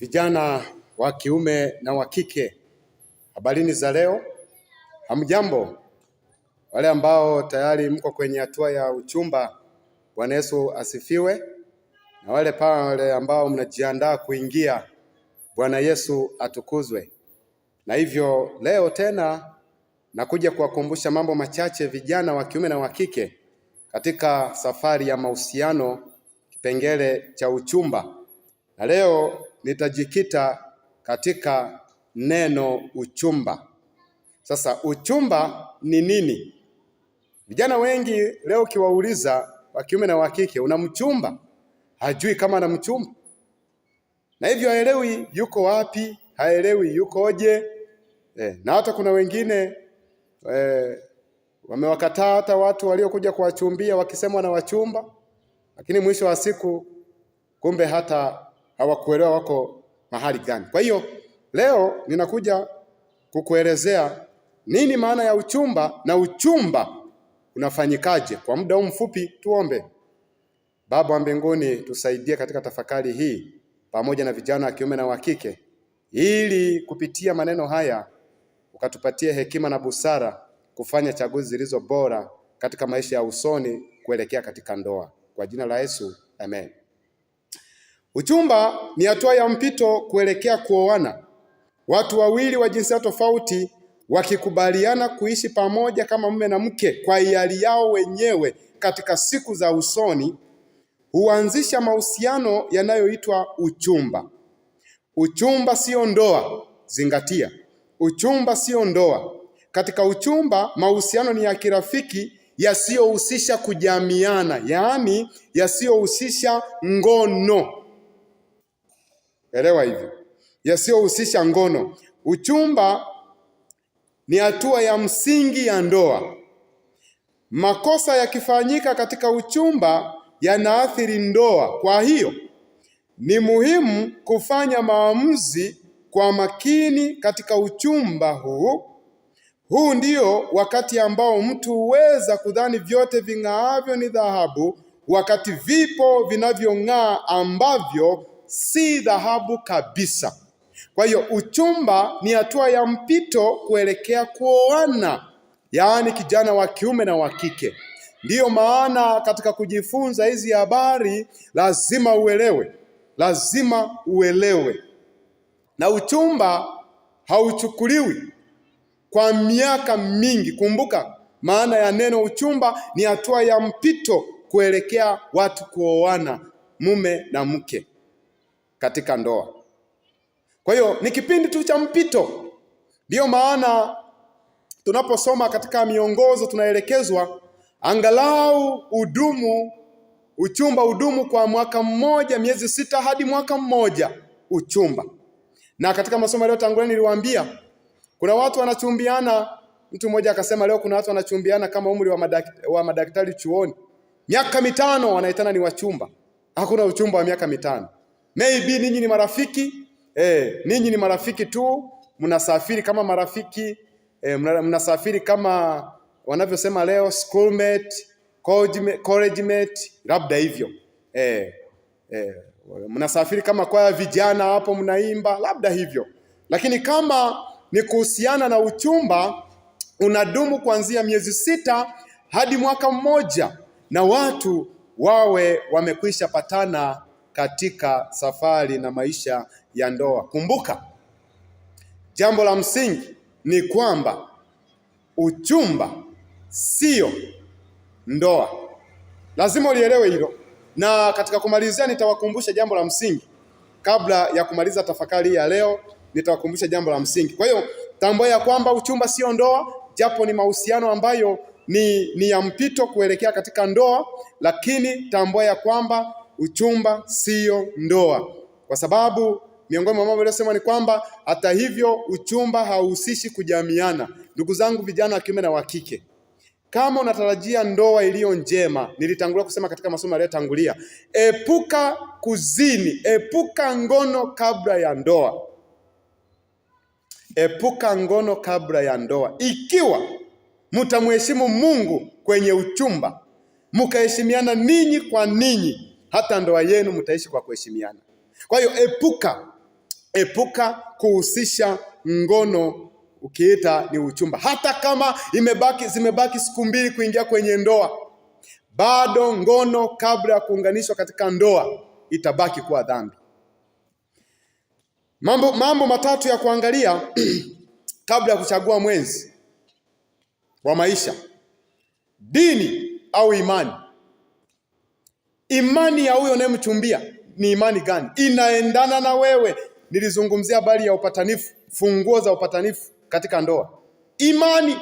Vijana wa kiume na wa kike, habarini za leo. Hamjambo wale ambao tayari mko kwenye hatua ya uchumba, Bwana Yesu asifiwe. Na wale pale ambao mnajiandaa kuingia, Bwana Yesu atukuzwe. Na hivyo leo tena nakuja kuwakumbusha mambo machache vijana wa kiume na wa kike katika safari ya mahusiano, kipengele cha uchumba. Na leo nitajikita katika neno uchumba. Sasa uchumba ni nini? Vijana wengi leo ukiwauliza wa kiume na wa kike, una mchumba? Hajui kama ana mchumba, na hivyo haelewi yuko wapi, haelewi yukoje. Eh, na hata kuna wengine eh, wamewakataa hata watu waliokuja kuwachumbia wakisema na wachumba, lakini mwisho wa siku kumbe hata hawakuelewa wako mahali gani. Kwa hiyo leo ninakuja kukuelezea nini maana ya uchumba na uchumba unafanyikaje. Kwa muda huu mfupi, tuombe. Baba wa mbinguni, tusaidie katika tafakari hii pamoja na vijana wa kiume na wa kike, ili kupitia maneno haya ukatupatie hekima na busara kufanya chaguzi zilizo bora katika maisha ya usoni kuelekea katika ndoa, kwa jina la Yesu, amen. Uchumba ni hatua ya mpito kuelekea kuoana, watu wawili wa jinsia tofauti wakikubaliana kuishi pamoja kama mume na mke kwa hiari yao wenyewe katika siku za usoni, huanzisha mahusiano yanayoitwa uchumba. Uchumba sio ndoa, zingatia, uchumba sio ndoa. Katika uchumba mahusiano ni ya kirafiki yasiyohusisha kujamiana, yaani yasiyohusisha ngono. Elewa hivyo, yasiyohusisha ngono. Uchumba ni hatua ya msingi ya ndoa. Makosa yakifanyika katika uchumba yanaathiri ndoa. Kwa hiyo ni muhimu kufanya maamuzi kwa makini katika uchumba huu. Huu ndio wakati ambao mtu huweza kudhani vyote ving'aavyo ni dhahabu, wakati vipo vinavyong'aa ambavyo si dhahabu kabisa. Kwa hiyo uchumba ni hatua ya mpito kuelekea kuoana, yaani kijana wa kiume na wa kike. Ndiyo maana katika kujifunza hizi habari lazima uelewe, lazima uelewe, na uchumba hauchukuliwi kwa miaka mingi. Kumbuka maana ya neno uchumba ni hatua ya mpito kuelekea watu kuoana, mume na mke katika ndoa. Kwa hiyo ni kipindi tu cha mpito. Ndiyo maana tunaposoma katika miongozo tunaelekezwa angalau udumu uchumba udumu kwa mwaka mmoja miezi sita hadi mwaka mmoja uchumba. Na katika masomo yaliyotangulia niliwaambia kuna watu wanachumbiana. Mtu mmoja akasema leo kuna watu wanachumbiana kama umri wa, madak wa madaktari chuoni, miaka mitano wanaitana ni wachumba. Hakuna uchumba wa miaka mitano. Maybe ninyi ni marafiki eh, ninyi ni marafiki tu, mnasafiri kama marafiki eh, mnasafiri kama wanavyosema leo schoolmate, college mate, labda hivyo eh, eh, mnasafiri kama kwaya vijana hapo mnaimba, labda hivyo. Lakini kama ni kuhusiana na uchumba, unadumu kuanzia miezi sita hadi mwaka mmoja, na watu wawe wamekwisha patana katika safari na maisha ya ndoa. Kumbuka, jambo la msingi ni kwamba uchumba sio ndoa. Lazima ulielewe hilo. Na katika kumalizia, nitawakumbusha jambo la msingi kabla ya kumaliza tafakari ya leo. Nitawakumbusha jambo la msingi. Kwa hiyo tambua ya kwamba uchumba sio ndoa, japo ni mahusiano ambayo ni, ni ya mpito kuelekea katika ndoa, lakini tambua ya kwamba uchumba siyo ndoa, kwa sababu miongoni mwa mambo yaliyosema ni kwamba hata hivyo uchumba hauhusishi kujamiana. Ndugu zangu vijana wa kiume na wa kike, kama unatarajia ndoa iliyo njema, nilitangulia kusema katika masomo yaliyotangulia, epuka kuzini, epuka ngono kabla ya ndoa, epuka ngono kabla ya ndoa. Ikiwa mtamheshimu Mungu kwenye uchumba, mkaheshimiana ninyi kwa ninyi hata ndoa yenu mtaishi kwa kuheshimiana. Kwa hiyo epuka, epuka kuhusisha ngono ukiita ni uchumba, hata kama imebaki zimebaki siku mbili kuingia kwenye ndoa, bado ngono kabla ya kuunganishwa katika ndoa itabaki kuwa dhambi. Mambo, mambo matatu ya kuangalia kabla ya kuchagua mwenzi wa maisha: dini au imani. Imani ya huyo unayemchumbia ni imani gani? Inaendana na wewe? Nilizungumzia habari ya upatanifu, funguo za upatanifu katika ndoa, imani.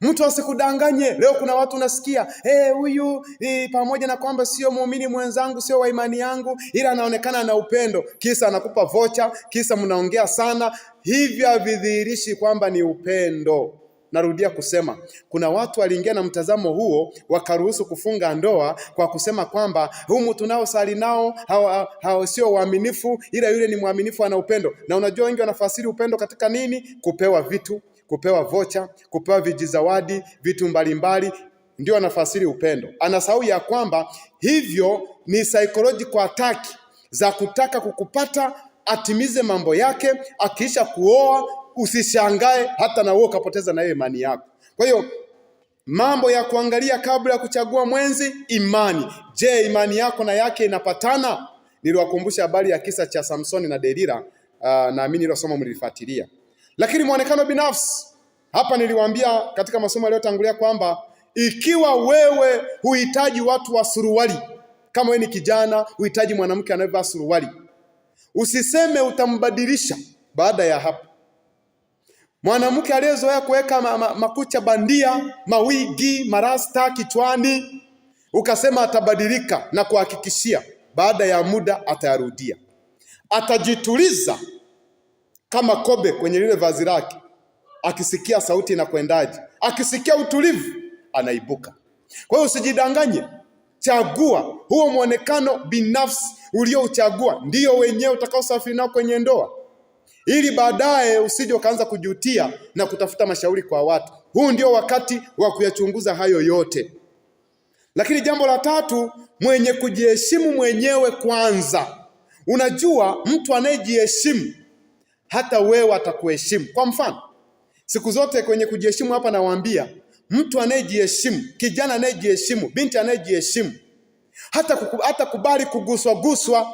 Mtu asikudanganye. Leo kuna watu unasikia eh, huyu, hey, pamoja na kwamba sio muumini mwenzangu, sio wa imani yangu, ila anaonekana na upendo, kisa anakupa vocha, kisa mnaongea sana. Hivyo havidhihirishi kwamba ni upendo. Narudia kusema kuna watu waliingia na mtazamo huo, wakaruhusu kufunga ndoa kwa kusema kwamba humu tunaosali nao hawa, hawa sio waaminifu, ila yule ni mwaminifu, ana upendo. Na unajua wengi wanafasiri upendo katika nini? Kupewa vitu, kupewa vocha, kupewa vijizawadi, vitu mbalimbali ndio anafasiri upendo. Anasahau ya kwamba hivyo ni psychological attack za kutaka kukupata atimize mambo yake, akiisha kuoa usishangae hata na wewe ukapoteza nayo imani yako. Kwa hiyo mambo ya kuangalia kabla ya kuchagua mwenzi, imani. Je, imani yako na yake inapatana? Niliwakumbusha habari ya kisa cha Samsoni na Delila. Uh, naamini hilo somo mlifuatilia. Lakini mwonekano binafsi, hapa niliwaambia katika masomo yaliyotangulia kwamba ikiwa wewe huhitaji watu wa suruali, kama wewe ni kijana huhitaji mwanamke anayevaa suruali, usiseme utambadilisha baada ya hapo mwanamke aliyezoea kuweka ma ma makucha bandia, mawigi, marasta kichwani, ukasema atabadilika, na kuhakikishia baada ya muda atayarudia, atajituliza kama kobe kwenye lile vazi lake, akisikia sauti na kwendaje, akisikia utulivu anaibuka. Kwa hiyo usijidanganye, chagua huo mwonekano binafsi uliouchagua, ndiyo wenyewe utakaosafiri nao kwenye ndoa ili baadaye usije ukaanza kujutia na kutafuta mashauri kwa watu. Huu ndio wakati wa kuyachunguza hayo yote. Lakini jambo la tatu, mwenye kujiheshimu mwenyewe kwanza. Unajua, mtu anayejiheshimu hata wewe atakuheshimu. Kwa mfano, siku zote kwenye kujiheshimu hapa nawaambia, mtu anayejiheshimu, kijana anayejiheshimu, binti anayejiheshimu hata, kukubali hata kubali kuguswaguswa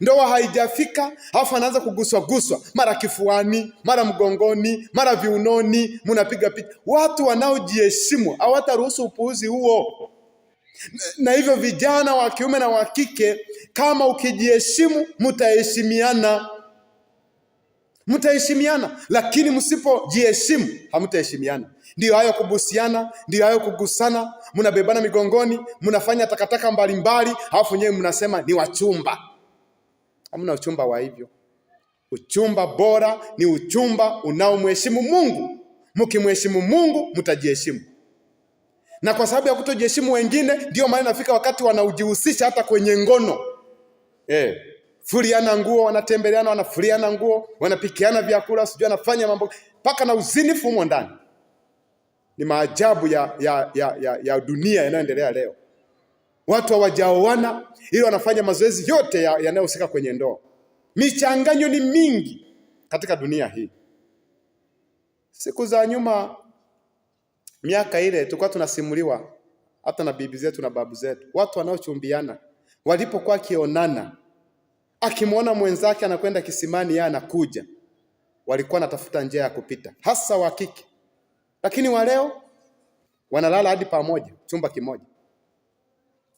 Ndoa haijafika alafu anaanza kuguswaguswa, mara kifuani, mara mgongoni, mara viunoni, munapiga picha. Watu wanaojiheshimu hawataruhusu upuuzi huo. Na hivyo vijana wa kiume na wa kike, kama ukijiheshimu, mtaheshimiana, mtaheshimiana, lakini msipojiheshimu hamtaheshimiana. Ndiyo hayo kubusiana, ndiyo hayo kugusana, mnabebana migongoni, mnafanya takataka mbalimbali, alafu nyewe mnasema ni wachumba. Hamna uchumba wa hivyo. Uchumba bora ni uchumba unaomheshimu Mungu. Mkimheshimu Mungu mtajiheshimu, na kwa sababu ya kutojiheshimu wengine, ndio maana inafika wakati wanaujihusisha hata kwenye ngono eh. Furiana nguo, wanatembeleana, wanafuriana nguo, wanapikiana vyakula, sijui anafanya mambo mpaka na uzinifu humo ndani. Ni maajabu ya, ya, ya, ya, ya dunia yanayoendelea leo watu hawajaoana, ili wanafanya mazoezi yote yanayohusika ya kwenye ndoa. Michanganyo ni mingi katika dunia hii. Siku za nyuma, miaka ile, tulikuwa tunasimuliwa hata na bibi zetu na babu zetu, watu wanaochumbiana walipokuwa akionana, akimwona mwenzake anakwenda kisimani, yeye anakuja, walikuwa natafuta njia ya kupita, hasa wa kike. Lakini wa leo wanalala hadi pamoja, chumba kimoja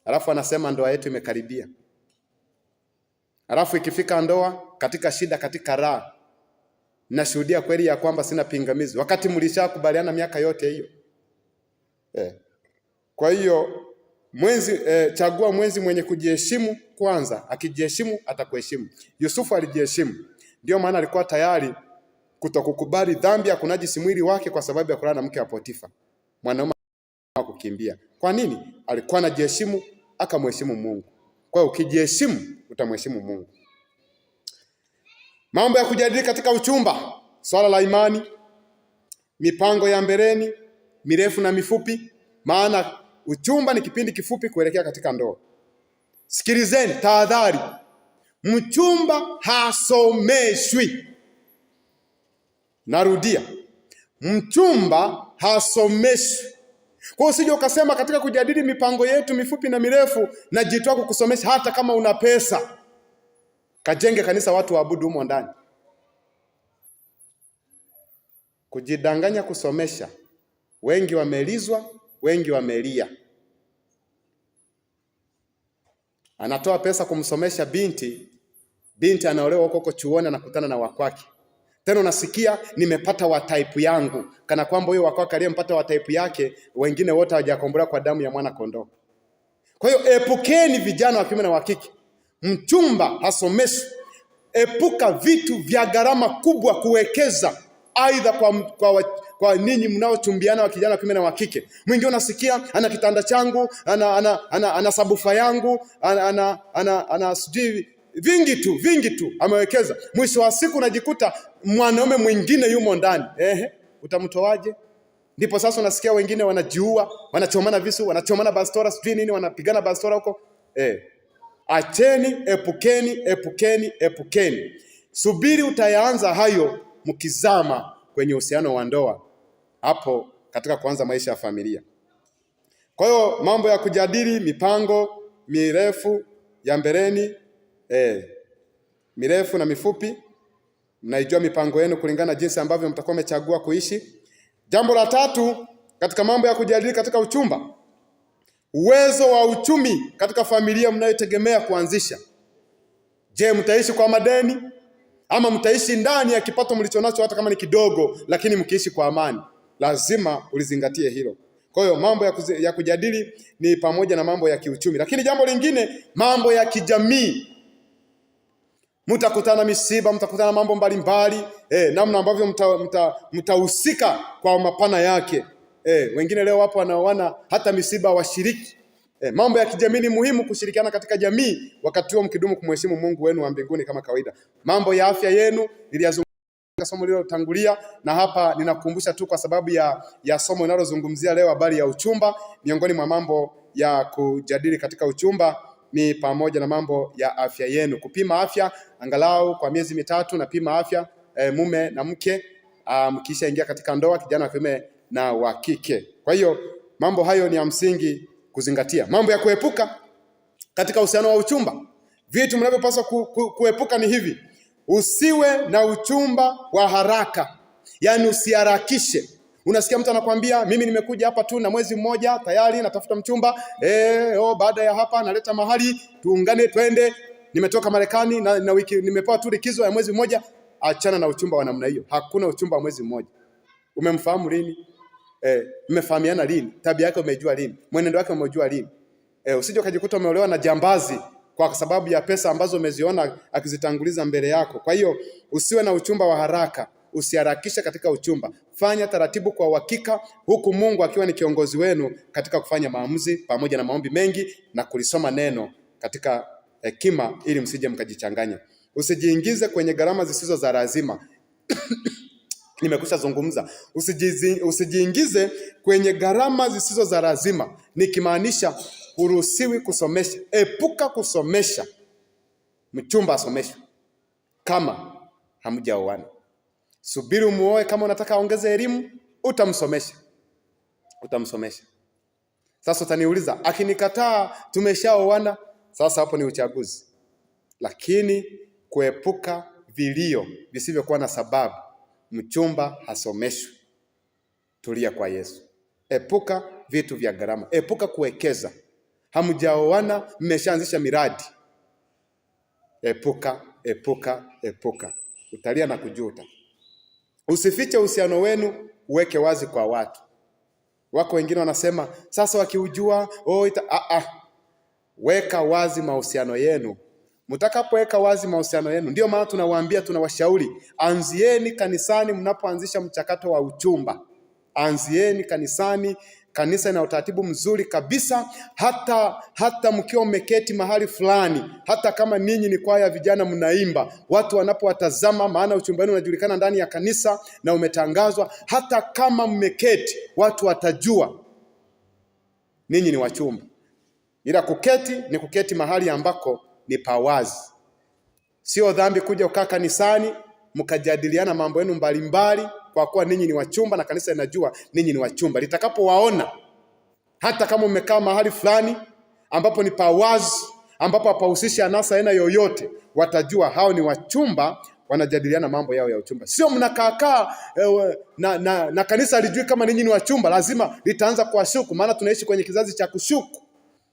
alafu anasema ndoa yetu imekaribia. Alafu ikifika ndoa, katika shida, katika raha, nashuhudia kweli ya kwamba sina pingamizi, wakati mlishakubaliana miaka yote hiyo eh. Kwa hiyo mwenzi eh, chagua mwenzi mwenye kujiheshimu kwanza. Akijiheshimu atakuheshimu. Yusufu alijiheshimu, ndio maana alikuwa tayari kutokukubali dhambi ya kunajisi mwili wake kwa sababu ya kulala na mke wa Potifa, mwanaume kukimbia. Kwa nini? alikuwa anajiheshimu akamheshimu Mungu. Kwa hiyo ukijiheshimu utamheshimu Mungu. Mambo ya kujadili katika uchumba, swala la imani, mipango ya mbeleni, mirefu na mifupi, maana uchumba ni kipindi kifupi kuelekea katika ndoa. Sikilizeni tahadhari, mchumba hasomeshwi. Narudia, mchumba hasomeshwi. Kwa hiyo usije ukasema katika kujadili mipango yetu mifupi na mirefu, najitoa kukusomesha hata kama una pesa. Kajenge kanisa, watu waabudu humo ndani. Kujidanganya kusomesha, wengi wamelizwa, wengi wamelia. Anatoa pesa kumsomesha binti, binti anaolewa huko huko chuoni, anakutana na wakwake tena unasikia nimepata wa type yangu, kana kwamba huyo wakwako aliyempata wa type yake, wengine wote hawajakombolewa kwa damu ya mwana kondoo. Kwa hiyo epukeni, vijana wa kiume na wa kike, mchumba hasomeshi. Epuka vitu vya gharama kubwa kuwekeza, aidha kwa, kwa, kwa ninyi mnaochumbiana wa kijana wa kiume na wa kike. mwingi unasikia ana kitanda changu, ana, ana, ana, ana sabufa yangu, ana, ana, ana, ana sijui vingi tu vingi tu amewekeza. Mwisho wa siku unajikuta mwanaume mwingine yumo ndani, ehe, utamtoaje? Ndipo sasa unasikia wengine wanajiua, wanachomana visu, wanachomana bastora, sijui nini, wanapigana bastora huko eh. Acheni, epukeni, epukeni, epukeni. Subiri utayaanza hayo mkizama kwenye uhusiano wa ndoa, hapo katika kuanza maisha ya familia. Kwa hiyo mambo ya kujadili mipango mirefu ya mbeleni eh, mirefu na mifupi. Mnaijua mipango yenu kulingana na jinsi ambavyo mtakuwa mmechagua kuishi. Jambo la tatu katika mambo ya kujadili katika uchumba, uwezo wa uchumi katika familia mnayotegemea kuanzisha. Je, mtaishi kwa madeni ama mtaishi ndani ya kipato mlichonacho, hata kama ni kidogo, lakini mkiishi kwa amani? Lazima ulizingatie hilo. Kwa hiyo mambo ya, kuzi, ya kujadili ni pamoja na mambo ya kiuchumi, lakini jambo lingine, mambo ya kijamii mtakutana misiba, mtakutana mambo mbalimbali eh, namna ambavyo mtahusika mta, mta kwa mapana yake eh. Wengine leo wapo wanaoana hata misiba washiriki eh. Mambo ya kijamii ni muhimu kushirikiana katika jamii, wakati huo mkidumu kumheshimu Mungu wenu wa mbinguni kama kawaida. Mambo ya afya yenu niliyazungumza somo lililotangulia na hapa ninakukumbusha tu kwa sababu ya, ya somo linalozungumzia leo habari ya uchumba, miongoni mwa mambo ya kujadili katika uchumba ni pamoja na mambo ya afya yenu, kupima afya angalau kwa miezi mitatu, napima afya e, mume na mke mkisha um, ingia katika ndoa, kijana wa kiume na wa kike. Kwa hiyo mambo hayo ni ya msingi kuzingatia. Mambo ya kuepuka katika uhusiano wa uchumba, vitu mnavyopaswa ku, ku, kuepuka ni hivi: usiwe na uchumba wa haraka, yaani usiharakishe Unasikia mtu anakwambia mimi nimekuja hapa tu na mwezi mmoja tayari natafuta mchumba e, oh, baada ya hapa naleta mahali tuungane, twende, nimetoka Marekani na, na wiki nimepewa tu likizo ya mwezi mmoja. Achana na uchumba wa namna hiyo, hakuna uchumba wa mwezi mmoja. Umemfahamu lini? Eh, mmefahamiana lini? Tabia yake umejua lini? Mwenendo wake umejua lini? Eh, usije ukajikuta umeolewa na jambazi kwa sababu ya pesa ambazo umeziona akizitanguliza mbele yako. Kwa hiyo usiwe na uchumba wa haraka, usiharakishe katika uchumba. Fanya taratibu kwa uhakika, huku Mungu akiwa ni kiongozi wenu katika kufanya maamuzi, pamoja na maombi mengi na kulisoma neno katika hekima, ili msije mkajichanganya. Usijiingize kwenye gharama zisizo za lazima. Nimekusha zungumza, usijiingize kwenye gharama zisizo za lazima, nikimaanisha huruhusiwi kusomesha. Epuka kusomesha mchumba asomeshwe kama hamjaoana. Subiri umuoe, kama unataka aongeze elimu utamsomesha, utamsomesha. Sasa utaniuliza, akinikataa, tumeshaoana. Sasa hapo ni uchaguzi, lakini kuepuka vilio visivyokuwa na sababu. Mchumba hasomeshwi, tulia kwa Yesu. Epuka vitu vya gharama, epuka kuwekeza. Hamjaoana, mmeshaanzisha miradi, epuka, epuka, epuka. Utalia na kujuta. Usifiche uhusiano wenu, uweke wazi kwa watu. Wako wengine wanasema sasa wakiujua, oh, ita, ah, ah. Weka wazi mahusiano yenu. Mtakapoweka wazi mahusiano yenu, ndio maana tunawaambia, tunawashauri, anzieni kanisani mnapoanzisha mchakato wa uchumba, anzieni kanisani Kanisa ina utaratibu mzuri kabisa, hata hata mkiwa mmeketi mahali fulani, hata kama ninyi ni kwaya vijana mnaimba, watu wanapowatazama, maana uchumba wenu unajulikana ndani ya kanisa na umetangazwa, hata kama mmeketi, watu watajua ninyi ni wachumba. Ila kuketi ni kuketi mahali ambako ni pawazi. Sio dhambi kuja ukaa kanisani mkajadiliana mambo yenu mbalimbali kwa kuwa ninyi ni wachumba na kanisa linajua ninyi ni wachumba. Litakapowaona hata kama umekaa mahali fulani ambapo ni pawazi, ambapo hapahusishi anasa aina yoyote, watajua hao ni wachumba wanajadiliana mambo yao ya uchumba, sio mnakaakaa eh, na, na, na kanisa alijui kama ninyi ni wachumba, lazima litaanza kuwashuku, maana tunaishi kwenye kizazi cha kushuku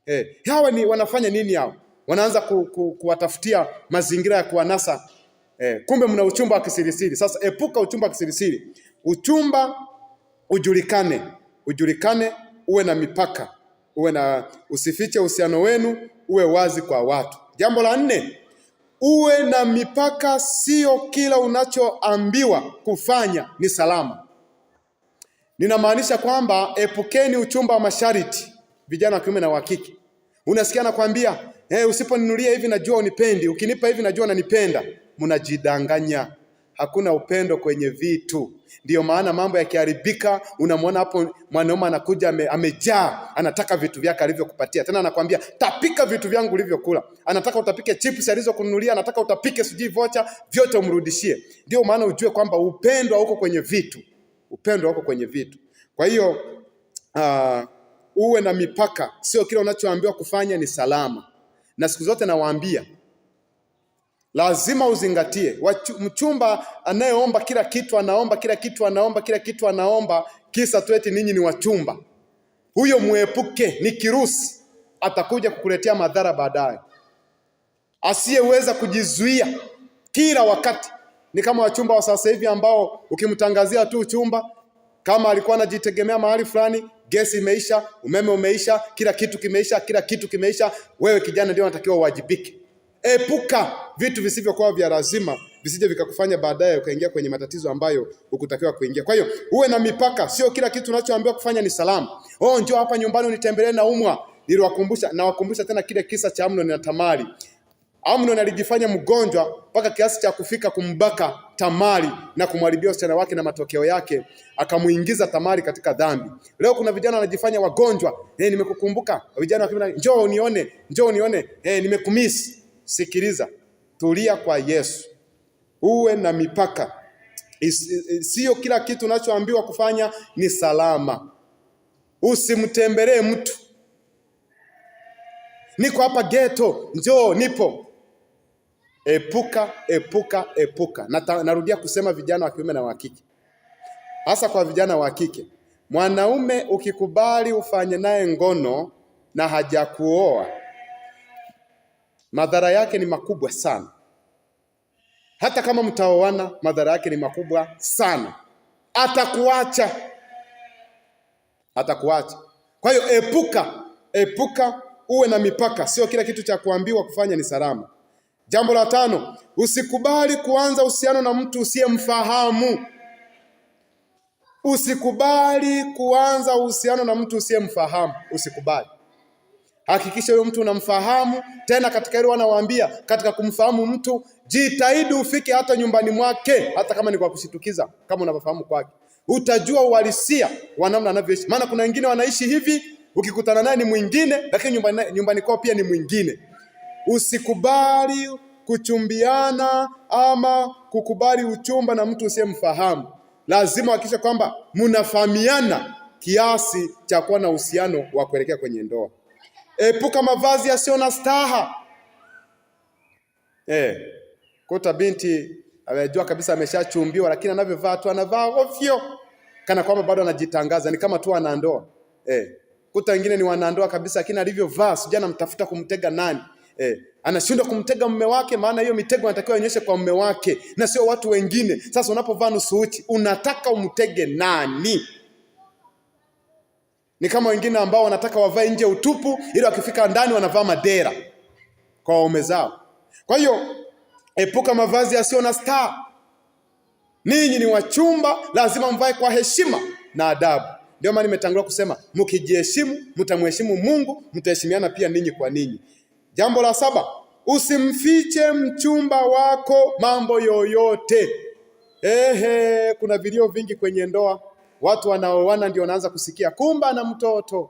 eh. Hawa ni wanafanya nini? Hao wanaanza ku, ku, kuwatafutia mazingira ya kuwanasa Eh, kumbe mna uchumba wa kisirisiri. Sasa epuka uchumba wa kisirisiri. Uchumba ujulikane, ujulikane, uwe na mipaka, uwe na usifiche uhusiano wenu, uwe wazi kwa watu. Jambo la nne, uwe na mipaka, sio kila unachoambiwa kufanya ni salama. Ninamaanisha kwamba epukeni uchumba wa masharti, vijana wa kiume na wa kike. Unasikia nakwambia, eh, usiponinulia hivi najua unipendi, ukinipa hivi najua unanipenda mnajidanganya. Hakuna upendo kwenye vitu, ndiyo maana mambo yakiharibika, unamwona hapo mwanaume anakuja ame, amejaa, anataka vitu vyake alivyokupatia. Tena anakwambia tapika vitu vyangu ulivyokula, anataka utapike chips alizokununulia, anataka utapike sijui vocha, vyote umrudishie. Ndio maana ujue kwamba upendo hauko kwenye vitu, upendo hauko kwenye vitu. Kwa hiyo uh, uwe na mipaka, sio kila unachoambiwa kufanya ni salama, na siku zote nawaambia lazima uzingatie. Mchumba anayeomba kila kitu, anaomba kila kitu, anaomba kila kitu, anaomba kisa tu eti ninyi ni wachumba, huyo muepuke, ni kirusi, atakuja kukuletea madhara baadaye. Asiyeweza kujizuia kila wakati ni kama wachumba wa sasa hivi ambao ukimtangazia tu uchumba, kama alikuwa anajitegemea mahali fulani, gesi imeisha, umeme umeisha, kila kitu kimeisha, kila kitu kimeisha. Wewe kijana ndio unatakiwa uwajibike. Epuka vitu visivyokuwa vya lazima visije vikakufanya baadaye ukaingia kwenye matatizo ambayo hukutakiwa kuingia. Kwa hiyo uwe na mipaka, sio kila kitu unachoambiwa kufanya ni salamu. Oh, njoo hapa nyumbani unitembelee na umwa. Niliwakumbusha na wakumbusha tena kile kisa cha Amnon na Tamari. Amnon alijifanya mgonjwa mpaka kiasi cha kufika kumbaka Tamari na kumharibia usichana wake, na matokeo yake akamuingiza Tamari katika dhambi. Leo kuna vijana wanajifanya wagonjwa, eh, nimekukumbuka. Vijana wakimwambia njoo unione, njoo unione, eh, nimekumiss Sikiliza, tulia kwa Yesu, uwe na mipaka. Sio kila kitu unachoambiwa kufanya ni salama. Usimtembelee mtu, niko hapa ghetto, njoo, nipo. Epuka, epuka, epuka. Nata, narudia kusema vijana wa kiume na wa kike, hasa kwa vijana wa kike. Mwanaume ukikubali ufanye naye ngono na hajakuoa madhara yake ni makubwa sana. Hata kama mtaoana, madhara yake ni makubwa sana. Atakuacha, atakuacha. Kwa hiyo epuka, epuka, uwe na mipaka. Sio kila kitu cha kuambiwa kufanya ni salama. Jambo la tano, usikubali kuanza uhusiano na mtu usiyemfahamu. Usikubali kuanza uhusiano na mtu usiyemfahamu, usikubali. Hakikisha huyo mtu unamfahamu. Tena katika hilo wanawaambia, katika kumfahamu mtu jitahidi ufike hata nyumbani mwake, hata kama ni kwa kushitukiza, kama unavyofahamu kwake, utajua uhalisia wa namna anavyoishi. Maana kuna wengine wanaishi hivi, ukikutana naye ni mwingine, lakini nyumbani, nyumbani kwao pia ni mwingine. Usikubali kuchumbiana ama kukubali uchumba na mtu usiyemfahamu. Lazima hakikisha kwamba mnafahamiana kiasi cha kuwa na uhusiano wa kuelekea kwenye ndoa epuka mavazi yasiyo na staha eh. Kuta binti amejua kabisa ameshachumbiwa, lakini anavyovaa tu anavaa ovyo, kana kwamba bado anajitangaza, ni kama tu anandoa eh. Kuta wengine ni wanandoa kabisa, lakini alivyovaa sijui anamtafuta kumtega nani eh. Anashindwa kumtega mume wake, maana hiyo mitego anatakiwa ionyeshe kwa mume wake na sio watu wengine. Sasa unapovaa nusu uchi unataka umtege nani? Ni kama wengine ambao wanataka wavae nje utupu, ili wakifika ndani wanavaa madera kwa waume zao. Kwa hiyo epuka mavazi yasiyo na staa. Ninyi ni wachumba, lazima mvae kwa heshima na adabu. Ndio maana nimetangulia kusema mkijiheshimu, mtamheshimu Mungu, mtaheshimiana pia ninyi kwa ninyi. Jambo la saba, usimfiche mchumba wako mambo yoyote. Ehe, kuna vilio vingi kwenye ndoa. Watu wanaoana ndio wanaanza kusikia, kumbe ana mtoto,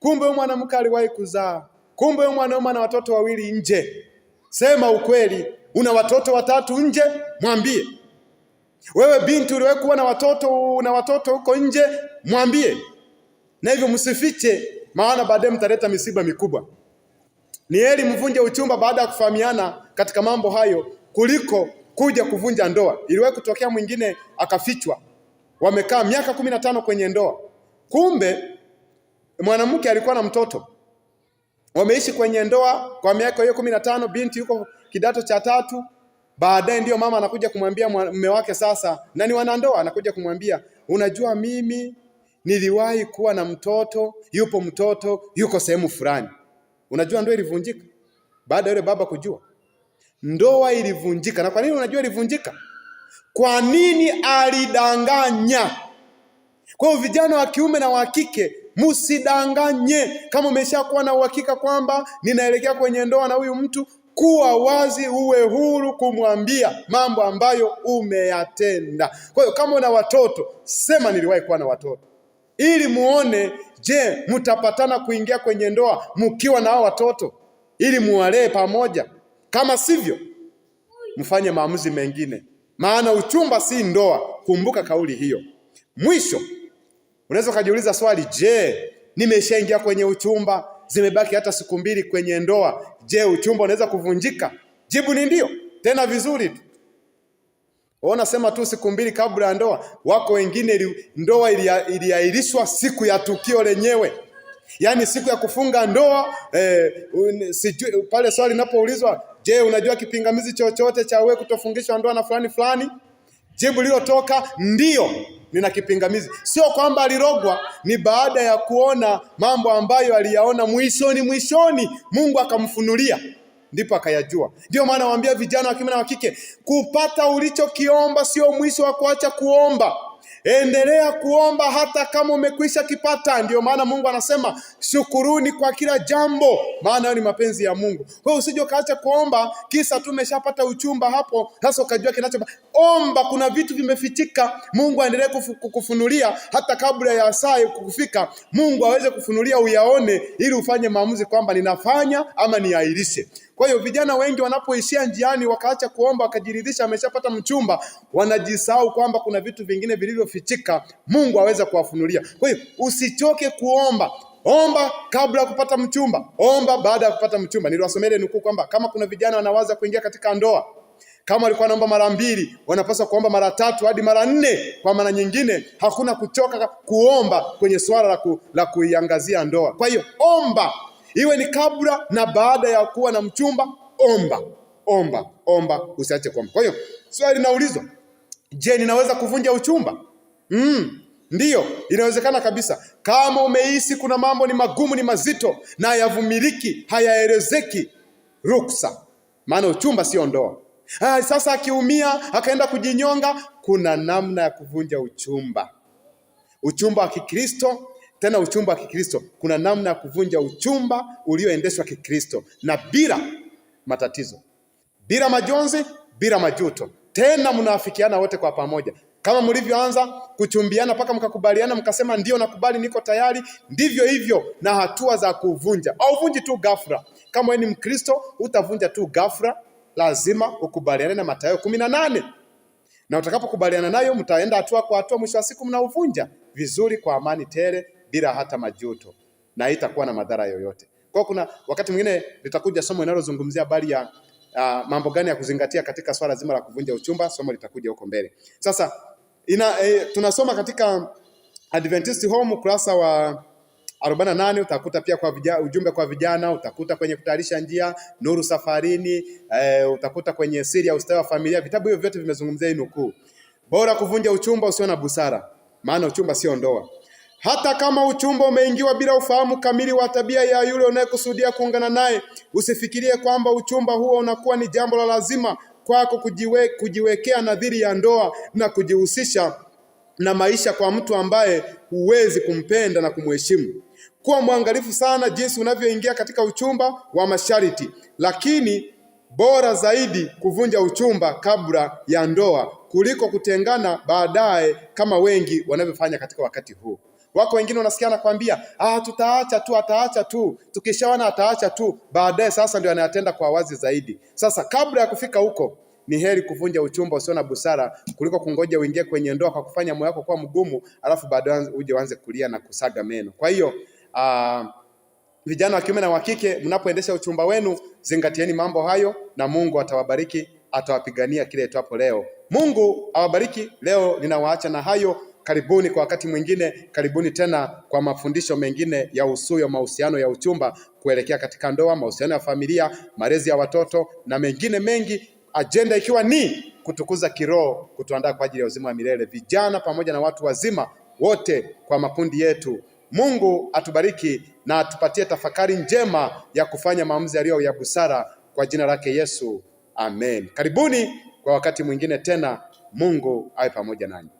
kumbe huyo mwanamke aliwahi kuzaa, kumbe huyo mwanaume ana watoto wawili nje. Sema ukweli, una watoto watatu nje, mwambie. Wewe binti, uliwahi kuwa na watoto, una watoto huko nje, mwambie. Na hivyo msifiche, maana baadaye mtaleta misiba mikubwa. Ni heri mvunje uchumba baada ya kufahamiana katika mambo hayo kuliko kuja kuvunja ndoa. Iliwahi kutokea mwingine akafichwa wamekaa miaka kumi na tano kwenye ndoa, kumbe mwanamke alikuwa na mtoto. Wameishi kwenye ndoa kwa miaka hiyo kumi na tano, binti yuko kidato cha tatu. Baadaye ndiyo mama anakuja kumwambia mume wake sasa, na ni wanandoa, anakuja kumwambia unajua, mimi niliwahi kuwa na mtoto, yupo mtoto yuko sehemu fulani. Unajua ndoa ilivunjika baada ya yule baba kujua, ndoa ilivunjika. Na kwa nini unajua ilivunjika? Kwa nini alidanganya? Kwa hiyo vijana wa kiume na wa kike msidanganye. Kama umeshakuwa na uhakika kwamba ninaelekea kwenye ndoa na huyu mtu, kuwa wazi, uwe huru kumwambia mambo ambayo umeyatenda. Kwa hiyo kama una watoto, sema niliwahi kuwa na watoto, ili muone, je, mtapatana kuingia kwenye ndoa mkiwa na hao watoto, ili muwalee pamoja. Kama sivyo, mfanye maamuzi mengine maana uchumba si ndoa. Kumbuka kauli hiyo. Mwisho, unaweza ukajiuliza swali, je, nimeshaingia kwenye uchumba, zimebaki hata siku mbili kwenye ndoa, je, uchumba unaweza kuvunjika? Jibu ni ndio, tena vizuri tu. sema tu siku mbili kabla ya ndoa. Wako wengine ili, ndoa iliahirishwa siku ya tukio lenyewe, yaani siku ya kufunga ndoa eh, un, pale swali linapoulizwa Je, unajua kipingamizi chochote cha wewe kutofungishwa ndoa na fulani fulani? Jibu lililotoka ndiyo, nina kipingamizi. Sio kwamba alirogwa, ni baada ya kuona mambo ambayo aliyaona mwishoni mwishoni, Mungu akamfunulia ndipo akayajua. Ndio maana nawaambia vijana wa kiume na wa kike, kupata ulichokiomba sio mwisho wa kuacha kuomba. Endelea kuomba hata kama umekwisha kipata. Ndio maana Mungu anasema shukuruni kwa kila jambo, maana hayo ni mapenzi ya Mungu. Kwa hiyo usije ukaacha kuomba kisa tu umeshapata uchumba hapo sasa ukajua kinacho. Omba, kuna vitu vimefichika, Mungu aendelee kukufunulia hata kabla ya saa kufika Mungu aweze kufunulia uyaone, ili ufanye maamuzi kwamba ninafanya ama niahirishe. Kwa hiyo vijana wengi wanapoishia njiani wakaacha kuomba wakajiridhisha ameshapata mchumba, wanajisahau kwamba kuna vitu vingine vilivyofichika, Mungu aweza kuwafunulia. Kwa hiyo usichoke kuomba. Omba kabla ya kupata mchumba, omba baada ya kupata mchumba. niliwasomele nukuu kwamba kama kuna vijana wanawaza kuingia katika ndoa, kama walikuwa wanaomba mara mbili, wanapaswa kuomba mara tatu hadi mara nne. Kwa maana nyingine, hakuna kuchoka kuomba kwenye suala la, ku, la kuiangazia ndoa. Kwa hiyo omba iwe ni kabla na baada ya kuwa na mchumba. Omba, omba, omba, usiache kuomba. Kwa hiyo swali linaulizwa, je, ninaweza kuvunja uchumba? Mm, ndiyo, inawezekana kabisa. Kama umehisi kuna mambo ni magumu, ni mazito na hayavumiliki, hayaelezeki, ruksa, maana uchumba sio ndoa. Ah, sasa akiumia akaenda kujinyonga, kuna namna ya kuvunja uchumba. Uchumba wa Kikristo tena uchumba wa Kikristo, kuna namna ya kuvunja uchumba ulioendeshwa Kikristo na bila matatizo, bila majonzi, bila majuto. Tena mnaafikiana wote kwa pamoja kama mlivyoanza kuchumbiana mpaka mkakubaliana mkasema ndio nakubali, niko tayari. Ndivyo hivyo na hatua za kuvunja. vunji tu ghafla. Kama wewe ni Mkristo utavunja tu ghafla, lazima ukubaliane na matayo kumi na nane na utakapokubaliana nayo mtaenda hatua kwa hatua, mwisho wa siku mnauvunja vizuri kwa amani tele bila hata majuto na haitakuwa na madhara yoyote. Kwa kuna wakati mwingine litakuja somo linalozungumzia habari ya uh, mambo gani ya kuzingatia katika swala zima la kuvunja uchumba. Somo litakuja huko mbele. Sasa ina, e, tunasoma katika Adventist Home kurasa wa 48 utakuta pia kwa vijana, ujumbe kwa vijana utakuta kwenye kutayarisha njia, nuru safarini, e, utakuta kwenye siri ya ustawi wa familia. Vitabu hivyo vyote vimezungumzia hii nukuu, bora kuvunja uchumba usio na busara, maana uchumba sio ndoa hata kama uchumba umeingiwa bila ufahamu kamili wa tabia ya yule unayekusudia kuungana naye, usifikirie kwamba uchumba huo unakuwa ni jambo la lazima kwako kujiwe, kujiwekea nadhiri ya ndoa na kujihusisha na maisha kwa mtu ambaye huwezi kumpenda na kumheshimu. Kuwa mwangalifu sana jinsi unavyoingia katika uchumba wa masharti, lakini bora zaidi kuvunja uchumba kabla ya ndoa kuliko kutengana baadaye kama wengi wanavyofanya katika wakati huu. Wako wengine wanasikia anakwambia, ah, tutaacha tu, ataacha tu, tukishaona ataacha tu. Baadaye sasa ndio anayatenda kwa wazi zaidi. Sasa kabla ya kufika huko, ni heri kuvunja uchumba usio na busara kuliko kungoja uingie kwenye ndoa kwa kufanya moyo wako kuwa mgumu, alafu baadaye uje uanze kulia na kusaga meno. Kwa hiyo uh, vijana wa kiume na wa kike, mnapoendesha uchumba wenu zingatieni mambo hayo, na Mungu atawabariki, atawapigania kile itwapo leo. Mungu awabariki. Leo ninawaacha na hayo. Karibuni kwa wakati mwingine, karibuni tena kwa mafundisho mengine ya usuyo, mahusiano ya uchumba kuelekea katika ndoa, mahusiano ya familia, malezi ya watoto na mengine mengi, ajenda ikiwa ni kutukuza kiroho, kutuandaa kwa ajili ya uzima wa milele, vijana pamoja na watu wazima wote kwa makundi yetu. Mungu atubariki na atupatie tafakari njema ya kufanya maamuzi yaliyo ya busara kwa jina lake Yesu, amen. Karibuni kwa wakati mwingine tena. Mungu awe pamoja nanyi.